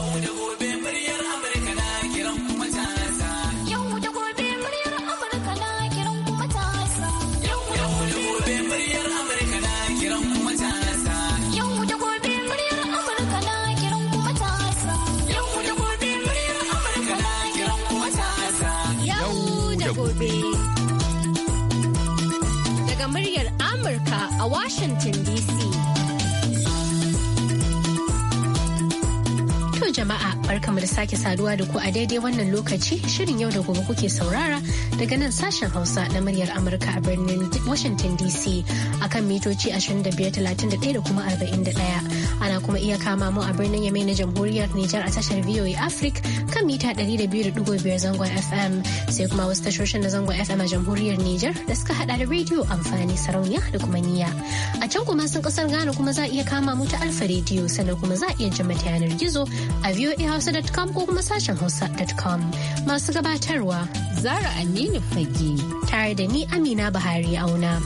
know no. barkamu da sake saduwa da ku a daidai wannan lokaci shirin yau da gobe kuke saurara daga nan sashen Hausa na muryar Amurka a birnin Washington DC akan mitoci 2531 da kuma 41. Ana kuma iya kama mu a birnin Yamai na Jamhuriyar Nijar a tashar VOA Africa kan mita 200.5 zangon FM sai kuma wasu tashoshin na zangon FM a Jamhuriyar Nijar da suka hada da rediyo amfani sarauniya da kuma niya. A can kuma sun kasar Ghana kuma za a iya kama mu ta Alfa rediyo sannan kuma za a iya jima ta yanar gizo a voahausa.com ko kuma sashen hausa.com. Masu gabatarwa Zara Aminu Fage tare da ni Amina Buhari Auna.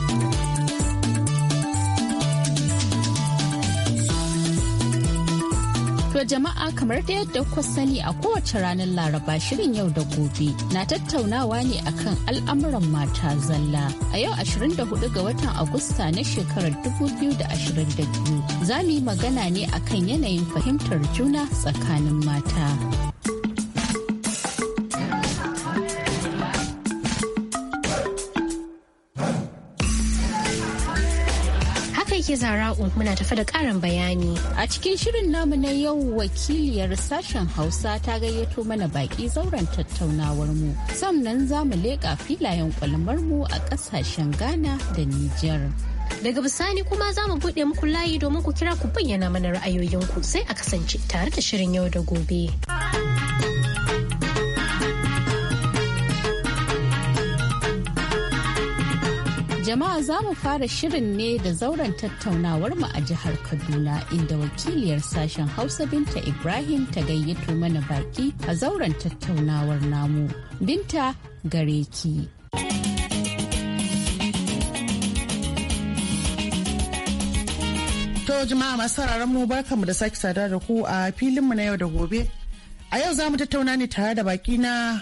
To jama'a kamar da yadda kuka sani a kowace ranar Laraba shirin yau da gobe na tattaunawa ne akan al'amuran mata zalla. A yau 24 ga watan Agusta na shekarar 2022 za mu yi magana ne akan yanayin fahimtar juna tsakanin mata. ce zara'u um, muna tafa da karin bayani. A cikin shirin namu na yau wakiliyar sashen Hausa ta gayyato mana baki zauren tattaunawar mu. Sannan za mu leƙa filayen kwalmar mu a ƙasashen Ghana da Nijar. Daga bisani kuma za mu buɗe muku layi domin ku kira ku bayyana mana ra'ayoyinku sai a kasance tare da shirin yau da gobe. Jama'a za mu fara shirin ne da zauren tattaunawar mu a jihar Kaduna inda wakiliyar sashen Hausa Binta Ibrahim ta gayyato mana baki a zauren tattaunawar namu. Binta gare ki. To jama'a masu sauraron mu barkamu da sake sadar da ku a filinmu na yau da gobe. A yau za mu tattauna ne tare da baki na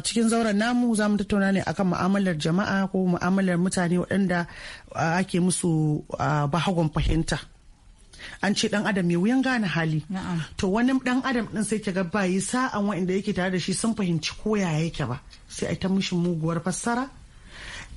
cikin zauren namu za mu tattauna ne akan mu'amalar jama'a ko mu'amalar mutane waɗanda ake musu bahagon fahimta. An ce ɗan adam mai wuyan gane hali. To wani ɗan adam ɗin sai ga ba yi sa'an wa'inda yake tare da shi sun fahimci koya yake ba. Sai a ta mishi muguwar fassara.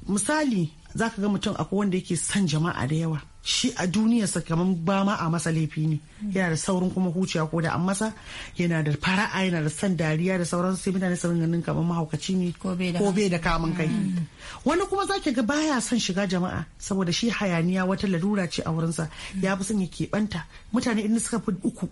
Misali zaka ga mutum akwai wanda yake son jama'a da yawa shi a duniyarsa kamar ba ma a masa laifi ne yana da saurin kuma huciya ko da an masa yana da fara'a yana da son dariya da sauran sai mutane sun ganin kamar mahaukaci ne ko bai da kamun kai mm. wani kuma zaki ga baya son shiga jama'a saboda shi hayaniya wata larura ce a wurinsa ya fi son ya keɓanta mutane idan suka fi uku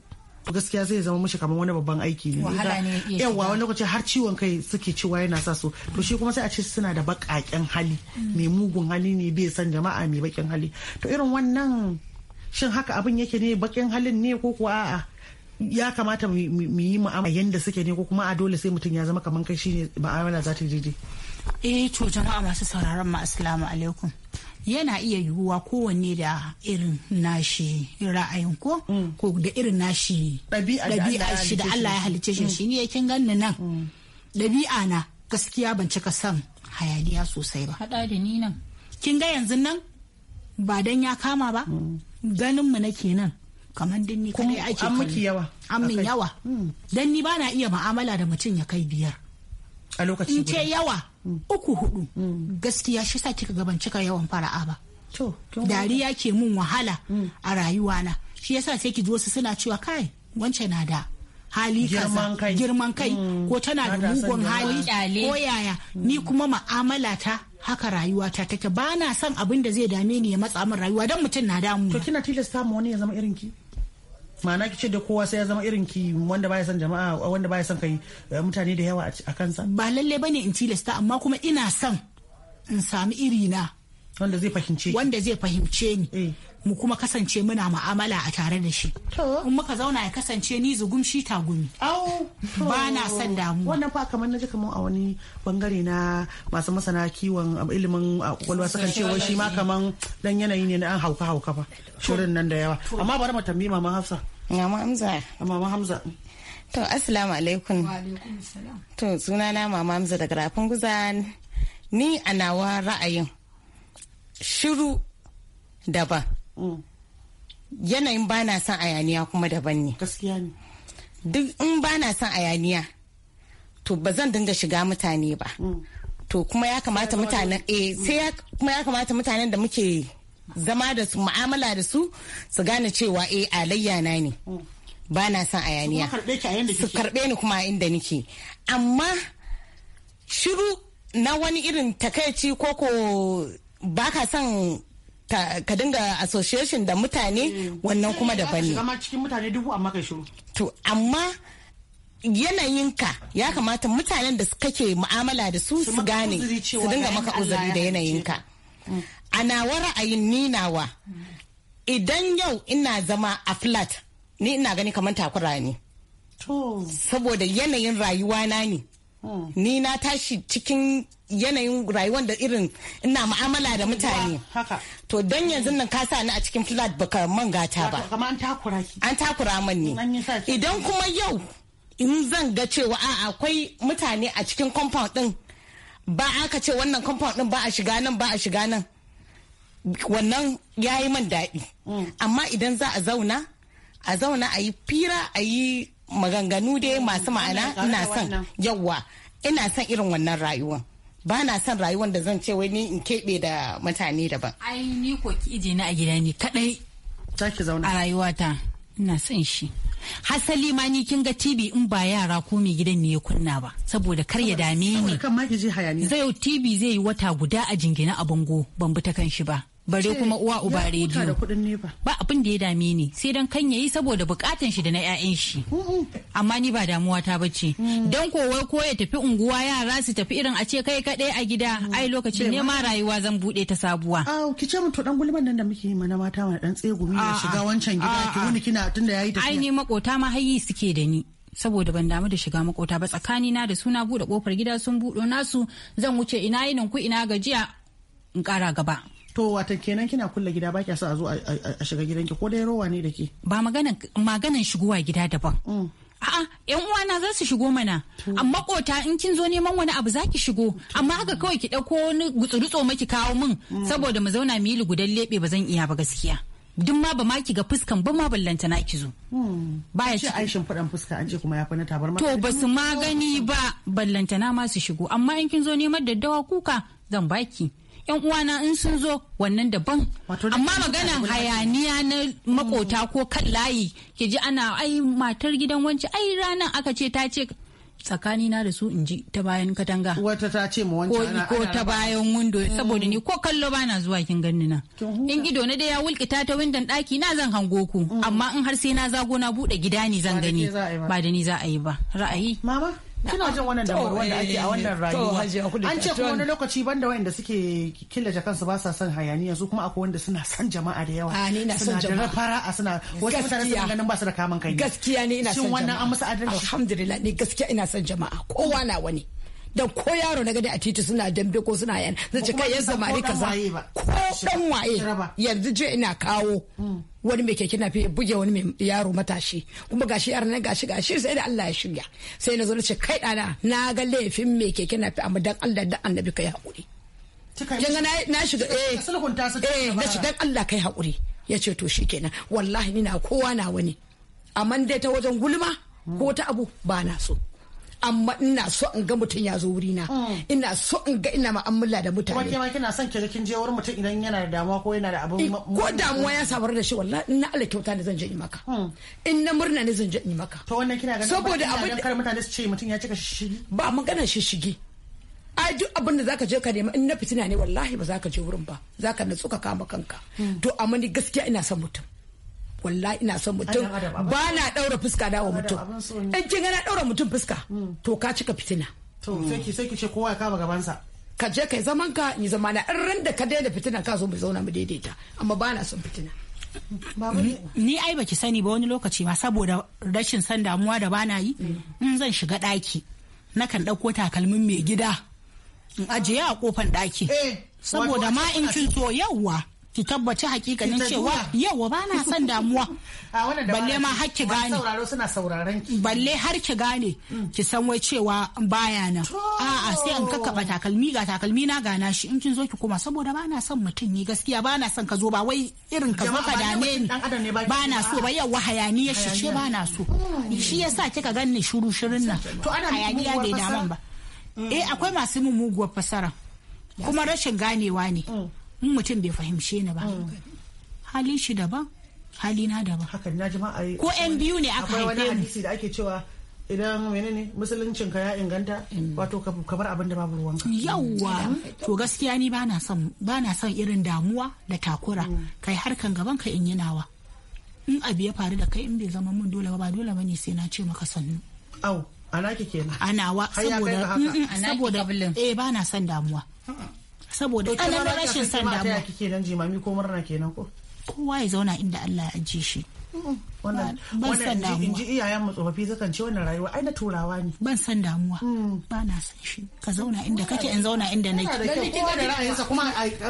gaskiya zai zama mishi kamar wani babban aiki ne yawa wani lokaci har ciwon kai suke ciwa yana sa su to shi kuma sai a ce suna da baƙaƙen hali mm. mai mugun hali ne bai san jama'a mai bakin hali to irin wannan shin haka abin yake ne bakin halin ne ko kuwa a'a ya kamata mu yi mu'amala yanda suke ne ko kuma a dole sai mutum ya zama kamar kai shi shine ma'amala za ta daidai eh to jama'a masu sauraron mu asalamu alaikum yana iya yiwuwa kowanne da irin nashi ra'ayin ko mm. ko da irin nashi ɗabi'a shi da Allah ya halicce shi mm. shi ne kin ganni nan mm. ɗabi'a na gaskiya ban cika son hayaniya sosai ba hada da ni nan kin ga yanzu nan ba dan ya kama ba ganin mu nake nan kamar din ni kai ake an miki yawa an yawa dan ni ba na iya mu'amala da mutum ya kai biyar a lokaci in ce yawa mm. uku hudu mm. gaskiya shi sa kika gaban cika yawan fara'a ba dariya ke mun wahala mm. a rayuwana shi yasa sai ki zo wasu suna cewa kai wancan na da hali kaza girman kai ko tana da mugun hali ko yaya ni kuma ma'amala ta haka rayuwa ta take ba na son abin da zai dame ni ya matsa min rayuwa don mutum na damu to kina tilasta ma wani ya zama irin ki ma'ana ki ce da kowa sai ya zama irin ki wanda baya son jama'a wanda baya son kai eh, mutane da yawa a kansa ba lalle bane in tilasta amma kuma ina son in sami iri na wanda zai fahimce wanda zai fahimce ni eh. mu kuma kasance muna mu'amala a tare da shi in muka zauna ya kasance ni zugum shi ta tagumi ba na son damuwa wannan fa kamar naji kamar a wani bangare na masu masana kiwon um, ilimin uh, kwalwa sukan ce wai shi ma kamar dan yanayi ne na an hauka hauka fa shirin nan da yawa amma bari mu tambayi mama Hafsa mama Hamza mama Hamza to assalamu alaikum to sunana mama Hamza daga Rafin Guzan ni a nawa ra'ayin shiru daban mm. yanayin ba na son ayaniya kuma daban ne gaskiya ne duk in ba na son ayaniya to ba zan dinga shiga mutane ba mm. to kuma ya kamata mutanen eh sai kuma ya kamata mutanen da muke zama da su mu'amala da su su gane cewa eh alayya na ne mm. ba na son ayaniya su karbe ni kuma inda nike amma shiru na wani irin takaici ko baka son ka dinga association da mutane wannan kuma da bane. cikin mutane dubu amma kai shiru. To amma yanayinka ya kamata mutanen da kake mu'amala da su su gane su dinga maka uzuri da yanayinka. Mm. A nawa ra'ayin ninawa idan yau ina zama a flat ni ina gani kamar takura ne. Saboda yanayin rayuwa na ne. Mm. Ni na tashi cikin yanayin rayuwar da irin ina ma'amala da mutane to don yanzu nan ka sa ni a cikin flat baka man gata ba an takura man ne idan kuma yau in zan ga cewa a akwai mutane a cikin compound din ba aka ce wannan compound din ba a shiga nan ba a shiga nan wannan ya yi man daɗi mm. amma idan za a zauna a zauna a yi fira a yi maganganu dai masu ma'ana ina son yawwa ina son irin wannan rayuwar ba na son rayuwar da zan ce wai ni in keɓe da mutane daban. Ai ni ko ije na a gida ne kadai. Taki zauna. A rayuwata ina son shi. Hasali ma ni kin ga TV in ba yara ko mai gidan ne ya kunna ba saboda kar ya dame ni. Saboda kan ma ki je Zai TV zai yi wata guda a jingina a bango ban bi ta kan shi ba. bare kuma uwa uba rediyo ba abin da ya dame ni sai dan kan yayi saboda bukatan shi da na ƴaƴan shi amma ni ba damuwa ta bace hmm. dan kowai ko ya tafi unguwa yara su tafi irin a ce kai kadai a gida hmm. ai lokacin ne ma rayuwa zan bude ta sabuwa a ki ce mutu dan gulman nan da muke yi mana mata wani dan tsegumi ya shiga wancan gida ki wuni kina tunda yayi tafiya ai ni makota ma hayi suke da ni saboda ban damu da shiga makota ba tsakani na da suna bude kofar gida sun budo nasu zan wuce ina yinin ku ina gajiya in kara gaba to wata kenan kina kulle gida ba kya sa a zo a shiga gidanki ko dai rowa ne da ke ba maganan maganan shigowa gida daban mm. a'a yan uwana za su shigo mana amma kota in kin zo neman wani abu zaki shigo amma haka kawai ki dauko wani gutsurutso maki kawo min mm. saboda mu zauna mu yi lugudan lebe ba zan iya ba gaskiya duk ma ba ma ki ga fuskan ba ma ballanta na ki zo mm. baya ci aishin fadan fuska an ce kuma ya fa na tabar to ba su ma gani ba ballanta na ma su shigo amma in kin zo neman daddawa kuka zan baki yan uwana in sun zo wannan daban amma magana hayaniya na makota ko kan layi ke ji ana ai matar gidan wance ai ranar aka ce ta ce tsakani na da su in ji ta bayan katanga wata ta ce ma wancan ana ko ta bayan windo saboda ni ko kallo bana zuwa kin ganni na in ido na da ya wulkita ta windon daki na zan hango ku mm. amma in har sai na zago na bude gida ni zan gani ba da ni za a yi ba ra'ayi mama kina jin wannan damar wanda ake a eh, wannan rayuwa an ce kuma wani lokaci banda wanda suke killace kansu ba sa son hayaniya su kuma akwai wanda suna son jama'a da yawa suna da a suna wasu mutane suna ganin ba su da kaman kai gaskiya ne ina son jama'a shin wannan an musu adalci alhamdulillah ne gaskiya ina son jama'a kowa na wani dan ko yaro na gani a titi suna dambe ko suna yan na ce kai yan samari kaza ko dan waye yanzu je ina kawo wani mai keke na buge wani mai yaro matashi kuma gashi yaran na gashi gashi sai da Allah ya shirya sai na zo na ce kai dana na ga laifin mai keke na amma dan Allah da annabi kai hakuri kin na shiga eh eh na shiga dan Allah kai hakuri ya ce to shikenan wallahi ni na kowa na wani amma dai ta wajen gulma ko ta abu ba na so amma ina so in ga mutum ya zo wurina mm. ina so in ga ina ma'amala da mutane kuma kima kina son kirkin je wurin mutum idan yana da damuwa ko yana da abin eh, ko damuwa ya samar da shi wallahi ina ala Allah kyauta ne zan je in maka mm. in na murna ne zan je in maka to wannan kina ganin saboda abin da mutane su ce mutum ya cika shi ba magana shige. ai duk abin da zaka je ka nema in na fitina ne wallahi ba zaka je wurin ba zaka natsu ka kama kanka mm. to amma ni gaskiya ina son mutum wallahi ina son mutum ba na daura fuska wa mutum in kin ga na daura mutum fuska hmm. to ka cika fitina to sai ki sai ki ce kowa ya kama gabansa ka je kai zaman ka ni zama na in ran da ka daina fitina ka zo mu zauna mu daidaita amma ba na son fitina ni ai baki sani ba wani lokaci ma saboda rashin san damuwa da bana yi in zan shiga daki nakan ɗauko takalmin mai gida in ajiye a kofan daki eh, saboda ma in kin so yawwa ki tabbaci hakikanin cewa yawa ba na son damuwa balle ma har ki gane balle har ki gane mm. ki san wai cewa baya nan a'a sai an kakkaba takalmi ga takalmi na gana shi in kin zo ki koma saboda ba na son mutum ni gaskiya ba na son ka zo ba wai irin ka zo ka dame ni ba na so ba yawa hayaniya shi ce ba na so shi yasa kika ganni shiru shirin nan hayaniya bai daman ba mm. eh akwai masu mummuguwar fasara kuma rashin ganewa ne mm. in mutum bai fahimce ni ba hmm. hali shi daban hali na daban hakan na jama'a ko yan biyu ne aka haife mu akwai wani hadisi da ake cewa idan ne musuluncin ka ya inganta hmm. wato ka bar abin da babu ruwanka yawwa to gaskiya ni bana son bana son irin damuwa da takura hmm. kai harkan gaban ka in yi nawa in abu ya faru da kai in bai zama mun dole ba ba dole bane sai na ce maka sannu au ana ke kenan ana wa saboda saboda eh bana son damuwa saboda ana rashin sanda ba. Kowa ya zauna inda Allah ya ajiye shi. wannan in ji iyayen mu tsofaffi sukan ce wannan rayuwa ai na turawa ne ban san damuwa hmm. ba na san shi ka zauna inda kake in zauna inda nake dan ni kinga da ra'ayinsa kuma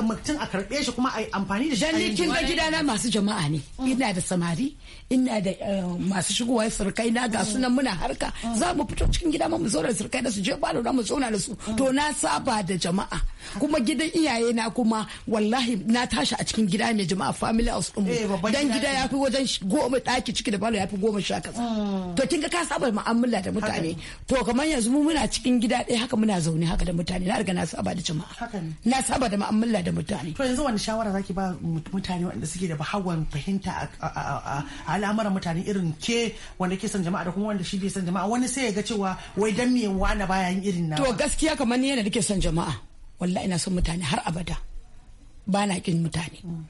mutum a karbe shi kuma a amfani da shi dan ni kinga gidana masu jama'a ne hmm. ina da samari ina da eh, masu shigowa surkai na ga sunan muna harka hmm. za mu fito cikin gida mu zo da surkai da su je falo na mu zauna da su to na saba da jama'a kuma gidan iyaye na kuma wallahi na tashi a cikin gida mai jama'a family house din eh, dan gida ya wajen goma ɗaki ciki da falo ya fi goma sha kasa mm. to kin ga ka saba mu'amala da mutane to kamar yanzu mu muna cikin gida ɗaya haka muna zaune haka da mutane na riga na saba da jama'a na saba da mu'amala da mutane to yanzu wani shawara zaki ba mutane wanda suke da bahawan fahimta a al'amuran mutane irin ke wanda ke son jama'a da kuma wanda shi bai son jama'a wani sai ya ga cewa wai dan me wani baya yin irin na to gaskiya kamar ni yana ke son jama'a wallahi ina son mutane har abada ba na kin mutane mm.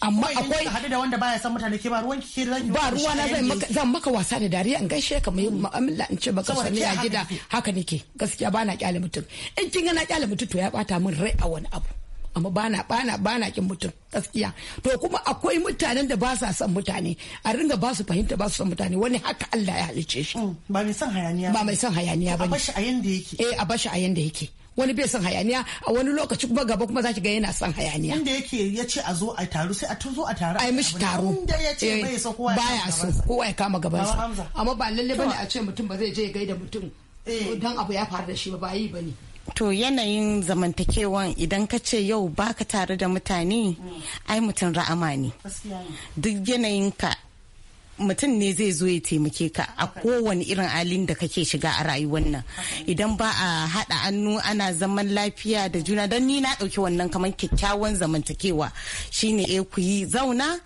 amma akwai hadu da wanda baya san mutane ke ba ruwan kike zan ba ruwa na zan maka zan maka wasa da dariya in gaishe ka mai mu'amala in ce baka sani a gida haka nake gaskiya bana kyale mutum in kin ga na kyale mutum to ya bata min rai a wani abu amma bana bana bana kin mutum gaskiya to kuma akwai mutanen da ba sa son mutane a ringa ba su fahimta ba su son mutane wani haka Allah ya halice shi mm, ba mai son hayaniya ba mai son hayaniya ba a bashi a yanda yake eh a bashi a yanda yake wani bai son hayaniya a wani lokaci kuma gaba kuma zaki ga yana son hayaniya inda yake ya ce a zo a taro sai a tun zo a taro a yi mishi taro inda ya ce bai so kowa ya so kowa ya kama gaban sa amma ba lalle bane a ce mutum ba zai je gaida mutum eh. dan abu ya faru da shi ba ba yi bane To yanayin zamantakewan idan ka ce yau baka tare da mutane mm. ai mutum ra'ama ne. Duk yanayin ka mutum ne zai zo ya taimake ka a kowane irin halin da kake shiga a rayuwar nan idan ba a haɗa hannu ana zaman lafiya da juna don ni na ɗauki wannan kamar kyakkyawan zamantakewa shine eh ku yi zauna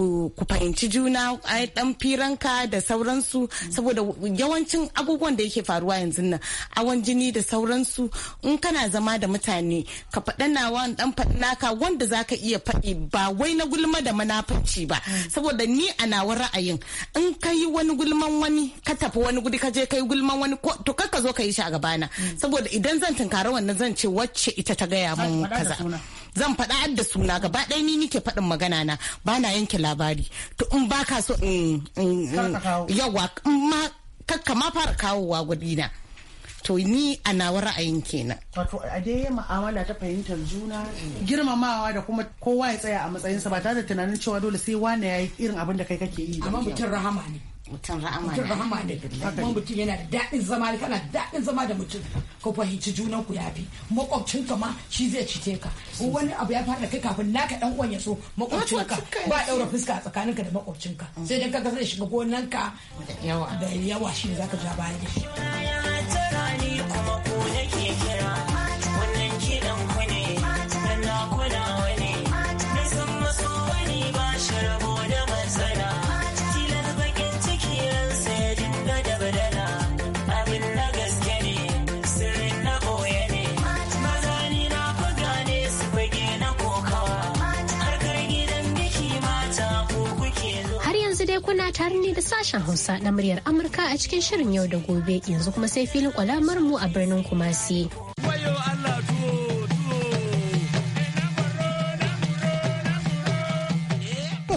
ku fahimci juna ai dan firanka da sauransu saboda yawancin abubuwan da yake faruwa yanzu nan awan jini da sauransu in kana zama da mutane ka faɗa nawa dan naka wanda zaka iya faɗi ba wai na gulma da manafanci ba mm. saboda ni a nawa ra'ayin in ka yi wani gulman wani ka tafi wani gudu ka je ka yi gulman wani to kar ka zo ka yi shi a gabana mm. saboda idan zan tunkari wannan zan ce wacce ita ta gaya mun kaza zan faɗa adda suna gaba ɗaya ni nike faɗin magana na ba na yanke labari to in ba ka so in yawa in ma kakka ma fara kawowa na to ni a nawa ra'ayin kenan wato a dai ma'amala ta fahimtar juna girmamawa da kuma kowa ya tsaya a matsayinsa ba tare da tunanin cewa dole sai wane ya yi irin abin da kai kake yi amma mutum rahama ne mutum ra'ama mutum rahama ne kuma mutum yana da daɗin zama kana daɗin zama da mutum ka fahimci junan ku yafi makwabcin ka ma shi zai cite ka wani abu ya fara kai kafin naka dan uwan ya so makwabcin ka ba daura fuska a tsakanin ka da makwabcin ka sai dan kaga zai shiga gonan ka da yawa shi ne zaka ja baya da shi sashen Hausa na muryar Amurka a cikin shirin yau da gobe yanzu kuma sai filin kwalamar mu a birnin Kumasi.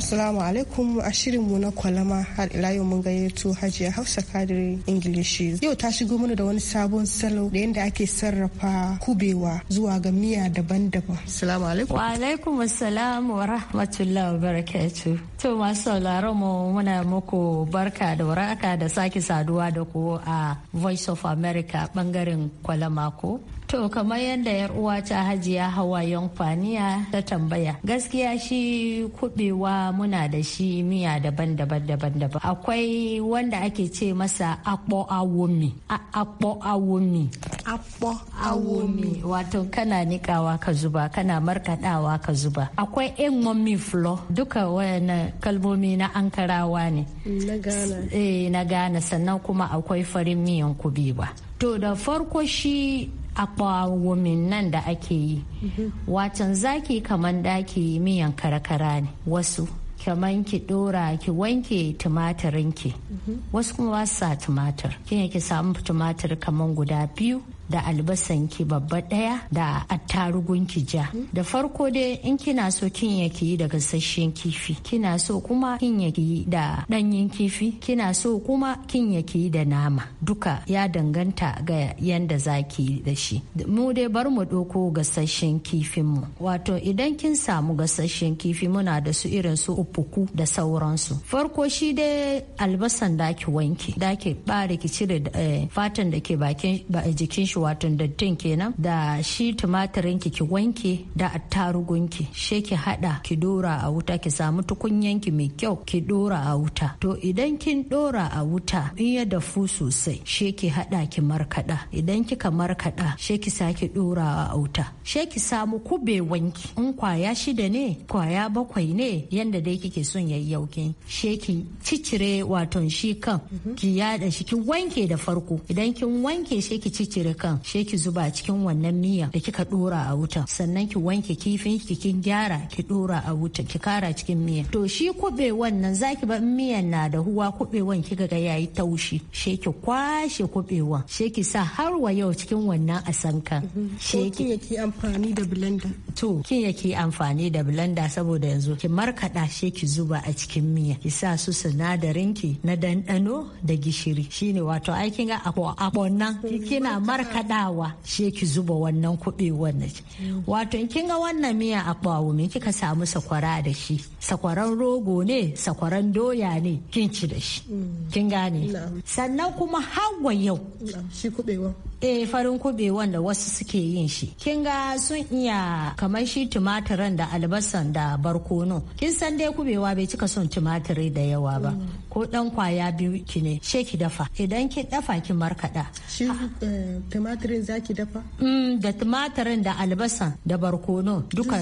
Assalamu alaikum a mu na kwalama har ila yau mun gayyato Hajiya Hausa Kadiri Ingilishi. Yau ta shigo mana da wani sabon salo da yadda ake sarrafa kubewa zuwa ga miya daban-daban. Assalamu alaikum. Wa alaikum assalam wa rahmatullahi wa barakatuh. To masu sauraron mu muna muku barka da waraka da sake saduwa da ku a Voice of America bangaren kwalama ko. To kamar yadda yar uwa ta hajiya hawa faniya ta tambaya gaskiya shi kubewa muna da shi miya daban-daban daban-daban akwai wanda ake ce masa akpo awomi akpo awomi akpo awomi wato kana nikawa ka zuba kana markadawa ka zuba akwai engomi flo duka wayannan kalmomi na ankarawa ne na gana eh na gana sannan kuma akwai farin miyan kubewa to da farko shi akwawomin nan da ake yi mhm. watan zaki kaman daki miyan karakara ne wasu kaman ki dora ki wanke tumatirinki. ki mhm. wasu kuma sa tumatir kin ki samu tumatir kaman guda biyu da albasanki babba ɗaya da attarugunki ja da farko dai in kina so kin ya ki da gasasshen kifi kina so kuma kin ya ki da ɗanyen kifi kina so kuma kin ya ki da nama duka ya danganta ga yanda zaki ki da shi mu dai bar mu ɗauko gasasshen kifin mu wato idan kin samu gasasshen kifi muna da su irin su ufuku da sauransu farko shi dai albasan da ki wanke da ki bare ki cire eh, fatan da ke bakin jikin shi dattin kenan da shi tumatirin ki ki wanke da attarugun ki she ki hada ki dora a wuta ki samu tukunyan ki mai kyau ki dora a wuta to idan kin dora a wuta in ya dafu sosai she ki hada ki markada idan kika markada she ki sake dora a wuta she ki samu kube wanki in kwaya shida ne kwaya bakwai ne yanda dai kike son yayyaukin she ki cicire wato shi kan ki yada shi ki wanke da farko idan kin wanke she ki cicire yankan she ki zuba cikin wannan miya da kika dora a wuta sannan ki wanke kifin ki kin gyara ki dora a wuta ki kara cikin miya to shi kube wannan zaki ba miyan na da huwa wan kika ga yayi taushi she ki kwashe wan she ki sa har wa yau cikin wannan asanka mhm. she ki amfani da blender to kin yake amfani da blender saboda yanzu ki markaɗa shi ki zuba a cikin miya ki sa su sinadarin ki na dandano da gishiri shine wato ai kin ga akwa nan kina markaɗawa shi ki zuba wannan kuɓewar na wato kin ga wannan miya bawo me kika samu sakwara da shi sakwaran rogo ne sakwaran doya ne kin ci da shi mm. kin gane sannan kuma hawa yau shi kuɓewa eh farin kuɓewan da wasu suke yin shi kin sun iya kamar shi tumatirin da albasan da barkono kin san dai kubewa bai cika son tumatiri da yawa ba mm. ko dan kwaya biyu ki ne she ki dafa idan eh, ki dafa ki markada shi tumatirin zaki dafa da tumatirin da albasan da barkono duka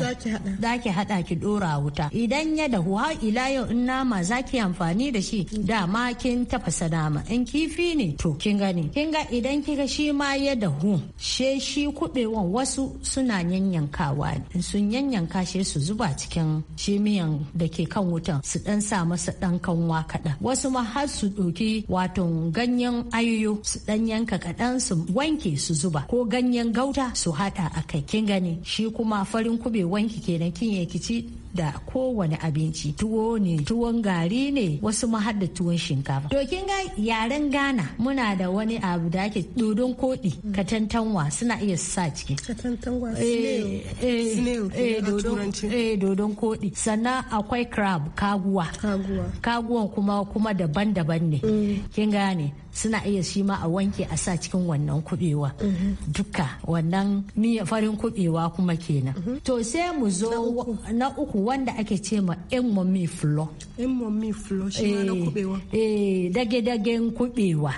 zaki hada ki dora wuta idan ya dahu har ila yau in nama zaki amfani da shi mm. da ma kin tafasa nama in kifi ne to kin gani kin ga idan kiga shi ma ya dahu she shi kubewan wasu suna yanyankawa in sun yanyanka shi su zuba cikin shimiyan da ke kan wutan su dan sa masa dan kanwa kaɗan wasu ma har su ɗauki wato ganyen ayoyo su dan yanka kaɗan su wanke su zuba ko ganyen gauta su haɗa a kai kin gani shi kuma farin kube wanki kenan kin ya kici da kowane abinci tuwo ne tuwon gari ne wasu ma har da tuwon shinkafa to kin ga yaren Ghana muna da wani abu da ake dodon kodi katantanwa suna iya sa ciki katantanwa eh, snail eh, eh, eh dodon kodi sannan akwai crab kaguwa kaguwan kuma kuma daban-daban ne mm. kin gane suna iya shi ma a wanke a sa cikin wannan kubewa duka wannan farin kubewa kuma kenan to sai mu zo na uku wanda ake ce ma emomi flo emomi flo shi ma na kubewa eh, eh dage dagen kubewa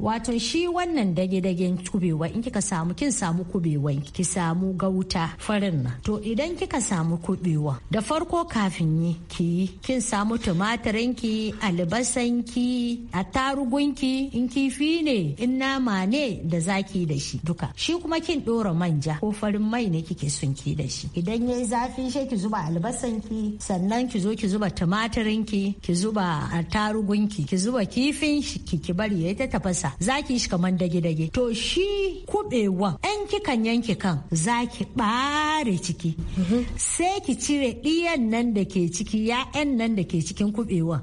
wato shi wannan dage-dagen kubewa in kika samu kin samu kubewa ki samu gauta farin nan to idan kika samu kubewa da farko kafin yi ki kin samu tumatirin ki albasan ki attarugun ki in kifi ne in nama ne da zaki da shi duka shi kuma kin dora manja ko farin mai ne kike son ki da shi idan yayi zafi sai ki zuba albasan ki sannan ki zo ki zuba tumatirin ki ki zuba attarugun ki ki zuba kifin ki ki bari yayi ta tafasa Za zaki shi kamar dage-dage to shi kubewan ɗan kikan yanki kan zaki ɓare ciki sai ki cire ɗiyan nan da ke ciki ya'yan nan da ke cikin za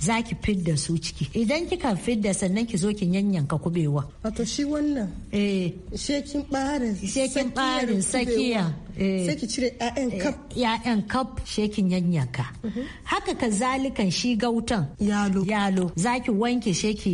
zaki fidda su ciki idan kika fidda sannan ki zo ki yanyanka kubewa wato shi wannan eh shekin barin shekin barin sakiya Eh. sai ki cire 'ya'yan eh, kaf ya'yan kaf shekin yanyanka mhm. haka ka zalikan shi gautan yalo yalo zaki wanke sheki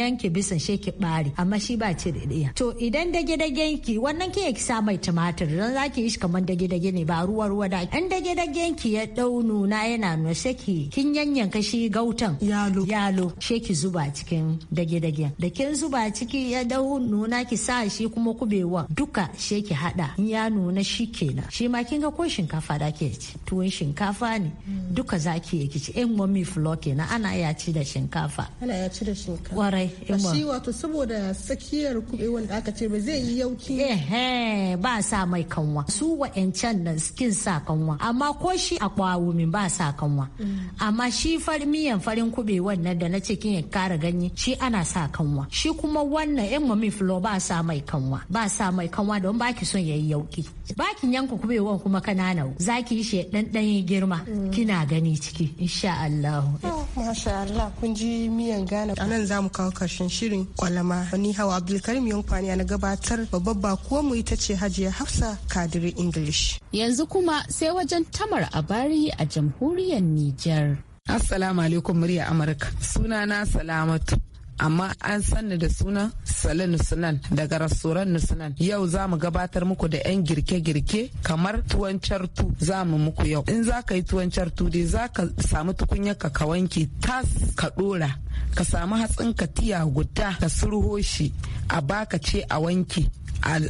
yanke bisan sheki bari amma shi ba cire ɗaya to idan dage dage ki wannan ke ki sa mai tumatir dan zaki yi shi dage dage ne ba ruwa ruwa da an dage dage ki ya dau nuna yana nuna sheki kin yanyanka shi gautan yalo yalo sheki zuba cikin dage dage da kin zuba ciki ya dau nuna ki sa shi kuma kubewa duka sheki hada ya nuna shi kenan shi ma kin ga ko shinkafa da ke ci tuwon shinkafa ne mm. duka za ki yi kici in mommy flo kenan ana ya ci da shinkafa ana ya ci da shinkafa warai in shi wato saboda tsakiyar kubewan da aka ce ba zai yi yauki eh ba sa mai kanwa su wa'ancan nan skin sa kanwa amma ko shi a kwawo min ba sa kanwa mm. amma shi farin miyan farin kubewan nan da na ce kin ya kara ganye shi ana sa kanwa shi kuma wannan in mommy flo ba sa mai kanwa ba sa mai kanwa don baki son yayi yauki baki an yanka kubewan kuma kananan za ki yi shi ɗanɗan girma kina gani ciki insha Allah. Oh, Masha Allah kun ji miyan Ghana a nan za mu kawo karshen shirin kwalama ni hawa Abdulkarim Yankwani na gabatar babbar bakuwa mu ita ce Hajiya Hafsa Kadiri English. Yanzu kuma sai wajen Tamar Abari a jamhuriyar Nijar. Assalamu alaikum murya Amurka. Sunana Salamatu. amma an sanni da sunan sale nusunan daga rasuran nusunan yau za mu gabatar muku da 'yan girke-girke kamar tuwon cartu za mu muku yau in za ka yi tuwon cartu dai za ka samu tukunyar ka ka wanke tas ka dora ka samu hatsin ka tiya guda ka surho shi a baka ce a wanke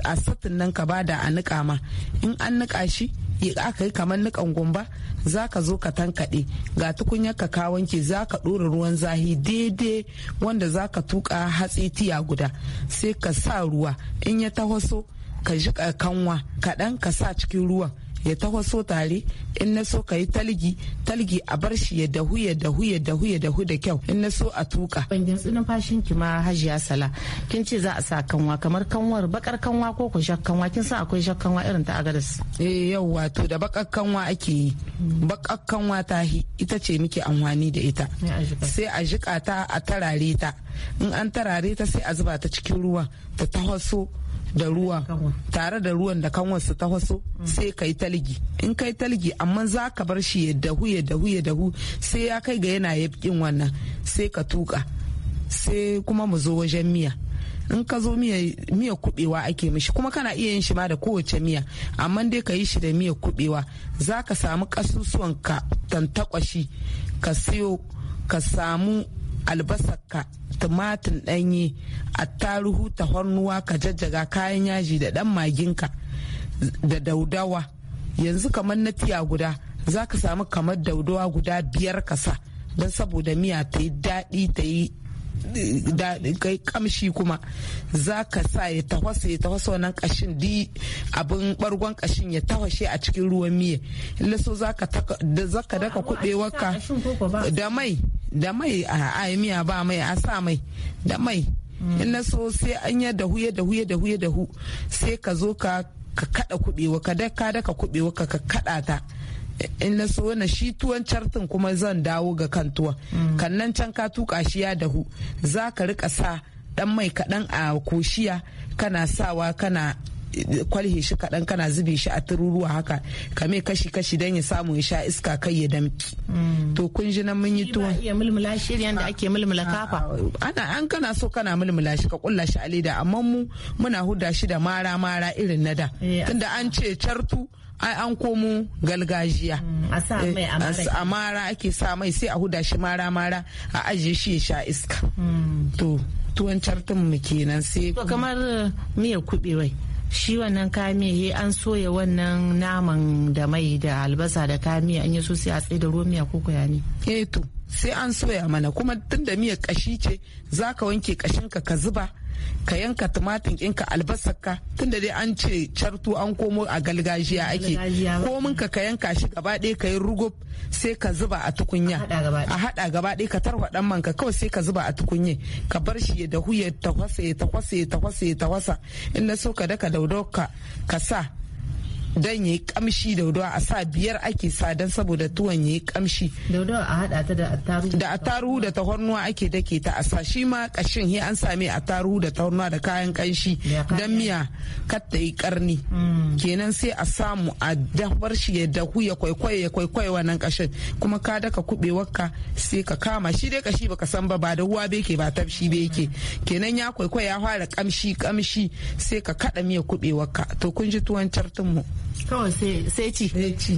a satin nan ka bada a nika ma in an niƙa shi aka yi kamar nikan gumba za ka zo ka tankaɗe ga tukunyar ka ka wanke za ka ɗora ruwan zahi daidai wanda za ka tuƙa hatsi tiya guda sai ka sa ruwa in ya taho so ka ji kanwa kaɗan ka sa cikin ruwan ya taho so tare in na so ka yi talgi talgi a bar shi ya dahu ya dahu ya dahu ya dahu da kyau in na so a tuka. ban tsinin fashin ki ma hajiya sala kin ce za a sa kanwa kamar kanwar bakar kanwa ko ku kanwa kin san akwai kanwa irin ta agadas. eh yau wato da bakar kanwa ake yi hmm. bakar kanwa ta ita ce muke amfani da ita sai a jika ta a tarare ta in an tarare ta sai a zuba ta cikin ruwa ta taho so da ruwa tare da ruwan da kanwarsa wasu ta waso mm. sai kai talgi in ka yi talgi amma za ka bar shi ya dahu ya dahu ya dahu sai ya kai ga yana yabkin wannan sai ka tuka sai kuma mu zo wajen miya in ka zo miya kubewa ake mishi kuma kana iya yin shi ma da kowace miya amma dai ka yi shi da miya kubewa za ka samu kasusuwan ka tantakwashi ka siyo ka samu albasarka tumatin ɗanye ta hannuwa ka jajjaga kayan yaji da ɗan maginka da daudawa yanzu kamar na tiya guda za ka samu kamar daudawa guda biyar kasa don saboda miya ta yi daɗi ta yi da kai kamshi kuma za ka sa ya tafasa ya tafasa wannan kashin di abin bargon kashin ya tawashe a cikin ruwan miya laso za ka daka kuɗewarka da mai da mai a miya ba mai a sa mai da mai hmm. in na so sai an ya dahu ya dahu ya dahu da hu sai ka zo ka kada kubewa ka daka daka kubewa ka ka kada ta in na so na shi tuwon cartin kuma zan dawo ga kan tuwon mm. kan nan can ka tuka shi ya dahu za ka rika sa dan mai kaɗan a koshiya kana sawa kana eh, kwalhe shi kaɗan kana zube shi a tururuwa haka kame kashi kashi don ya samu ya sha iska kai ya damki mm. to kun ji nan mun yi tuwon iya mulmula shi yadda ake mulmula kafa ana an kana so kana mulmula shi ka kulla shi a leda amma mu muna huda shi da mara mara irin na da eh, tunda an ce cartu an komo galgajiya mm, eh, a mara ake sa mai sai a huda shi mara mara a ajiye shi ya sha iska mm. to tuwon cartin mu kenan sai kamar uh, miya kuɓewai shi wannan kamiya an soya wannan naman da mai da albasa da kamiya an yi so sai a tsaye da ruwan ko ya ne eh sai an soya mana kuma tun da miya kashi ce za ka wanke ka ka zuba ka yanka tumatin ɗinka albasarka tunda dai an ce cartu an komo a galgajiya ake komin ka ka yanka shi gaba ɗaya ka yi rugub sai ka zuba a tukunya a haɗa gaba ɗaya ka tarwaɗan manka kawai sai ka zuba a tukunya ka bar shi ya dahu ya tafasa ya tafasa ya tafasa ya tafasa in na so ka daka daudau ka sa don ya yi kamshi daudawa a sa biyar ake sa don saboda tuwon yi kamshi Da a taruhu da tahornuwa ake dake ta a sa shi ma kashin he an a taruhu da tahornuwa da kayan kanshi don miya kar yi karni mm. kenan sai a samu a dafar shi ya dahu ya kwaikwaye ya kwaikwaye wannan kashin kuma ka daka kubewarka sai ka kama shi dai kashi baka san ba ba da ruwa ke ba tafshi ke. kenan ya kwaikwaye ya fara kamshi kamshi sai ka kada miya kubewarka to kun ji tuwon cartin mu kawai sai ci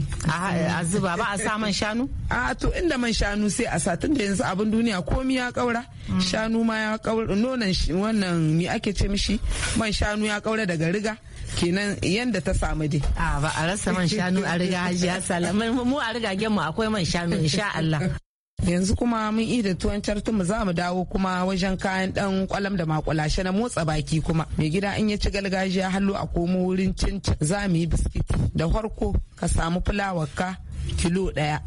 a zuba ba a sa man shanu a to inda man shanu sai a sa tunda yanzu abin duniya komi ya kaura mm. shanu ma ya kaura nonon wannan mi ake ce mishi man shanu ya kaura daga riga kenan yanda ta samu dai a ba a rasa man shanu a riga hajiya salama mu a riga mu akwai man shanu insha Allah yanzu kuma mun yi da tuwon mu za mu dawo kuma wajen kayan dan kwalam da makulashe na motsa baki kuma mai gida in ya ci galgajiya hallo a komo wurin cincin za mu yi biskit da farko ka samu fulawar ka kilo daya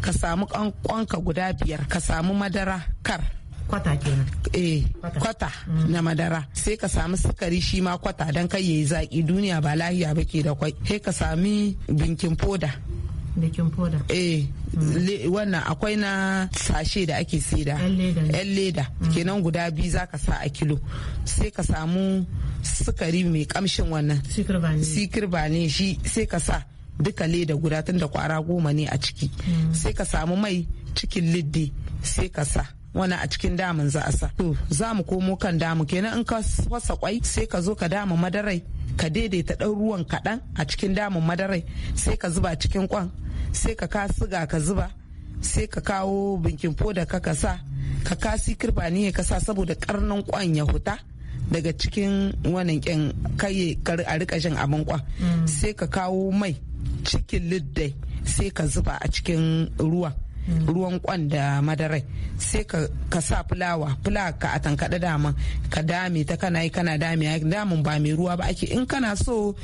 ka samu kankonka guda biyar ka samu madara kar kwata kenan eh kwata mm. na madara sai ka samu sukari shi ma kwata don kai yayi zaki duniya ba lahiya ba ke da kwai sai ka sami binkin foda Bikin foda. eh hmm. wannan akwai na sashe da ake saida yan leda hmm. kenan guda biyu zaka sa a kilo sai ka samu sukari mai kamshin wannan sikir ba ne shi sai ka sa duka leda guda tun da kwara goma ne a ciki hmm. sai ka samu mai cikin liddi sai ka sa wani a cikin damin za a sa to za mu komo kan damu kenan in ka wasa kwai sai ka zo ka dama madarai ka daidaita ɗan ruwan kaɗan a cikin damun madarai sai ka zuba cikin kwan sai ka ka siga ka zuba sai ka kawo binkin foda ka kasa ka kasi kirba ni ka sa saboda karnin kwan ya huta daga cikin wannan kyan kai a rika jin abin kwan mm. sai ka kawo mai cikin liddai sai ka zuba a cikin ruwan ruwan kwan da madarai sai ka sa fulawa fulawa ka a tankaɗe dama ka dame ta kana yi kana dame damun ba mai ruwa ba ake in kana so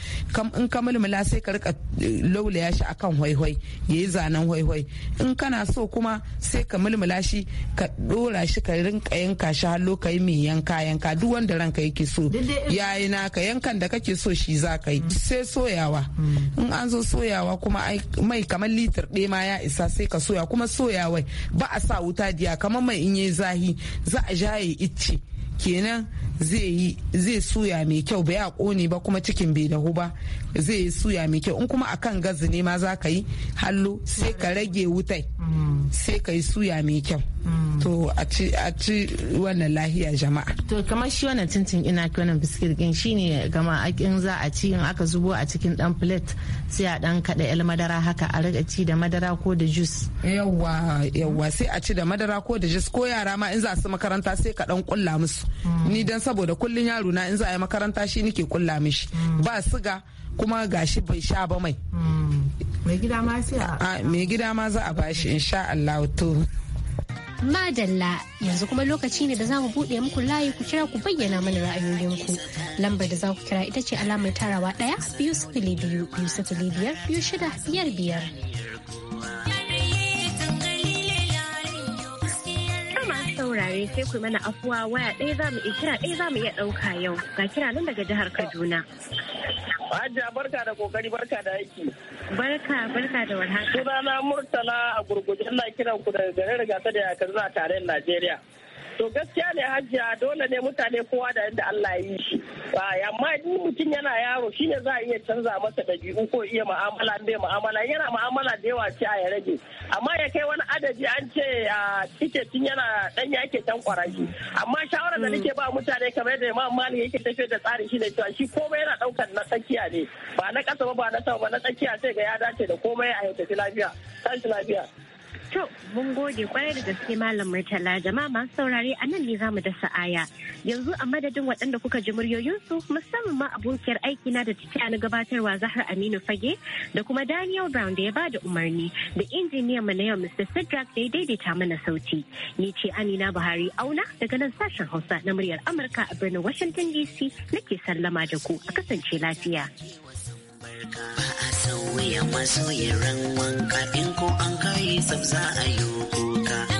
in ka mulmula sai ka rika eh, laulaya shi akan hwaihwai ya yi zanen hwaihwai in kana so kuma sai ka mulmula shi ka ɗora shi ka rinka yanka shi har ka yi mai yanka yanka duk wanda ranka yake so yayi naka yankan da kake so shi za ka yi mm. sai soyawa mm. in an zo soyawa kuma mai kamar litir ɗaya ma ya isa sai ka soya kuma soyawai ba a sa wuta diya kamar mai in yi zahi za a jaye icce kenan zai zai suya mai kyau bai a kone ba kuma cikin bai dahu ba zai yi suya mai kyau in kuma akan gazi ne ma za ka yi hallo sai ka rage wutai sai ka yi suya mai kyau to a ci wannan lahiya jama'a to kamar shi wannan tintin ina ki wannan biskit din shine gama akin za a ci in aka zubo a cikin dan plate sai a dan kada el madara haka a rika ci da madara ko da juice yawwa yawwa sai a ci da madara ko da juice ko yara ma in za su makaranta sai ka dan kulla musu ni dan saboda kullun yaro na in za a yi makaranta shi nake kulla mishi ba siga kuma gashi bai sha ba mai mai gida ma sai a mai gida ma za a bashi insha Allah to madalla yanzu kuma lokaci ne da za mu buɗe muku layi ku kira ku bayyana mana ra'ayoyinku lambar da za ku kira ita ce alamar tarawa ɗaya biyu sifili biyu biyu sifili biyar biyu shida biyar biyar yi sai ku mana afuwa waya ɗaya za mu iya kira ɗaya za mu iya ɗauka yau ga kira nan daga jihar Kaduna. Hajiya barka da kokari barka da aiki. Barka barka da warhaka. Sunana Murtala a gurguje ina kiran ku daga garin rigata da a tarayyar Najeriya. to gaskiya ne hajiya dole ne mutane kowa da yadda Allah ya yi shi amma in mutum yana yaro shine za a iya canza masa dabi'u ko iya mu'amala bai mu'amala yana mu'amala da yawa ce a ya rage amma ya kai wani adadi an ce a tiketin yana dan yake can kwaraji amma shawara da hmm. nake ba mutane kamar yadda Imam mali yake tafiyar da tsari shine cewa shi komai yana daukar na tsakiya ne ba na kasa ba ba na sama ba na tsakiya sai ga ya dace da komai a yau tafi lafiya lafiya To, mun gode kwarai da gaske Malam Murtala jama'a masu saurare a nan ne za mu da sa'aya. Yanzu a madadin waɗanda kuka ji muryoyinsu musamman ma abokiyar aikina da ta na gabatarwa Zahar Aminu Fage da kuma Daniel Brown da ya ba da umarni da injiniyan mu na yau Mr. Sidrak da ya daidaita mana sauti. Ni ce Amina Buhari Auna daga nan sashen Hausa na muryar Amurka a birnin Washington DC nake sallama da ku a kasance lafiya. wuya masoyin wanka in ko an kai za a yi kuka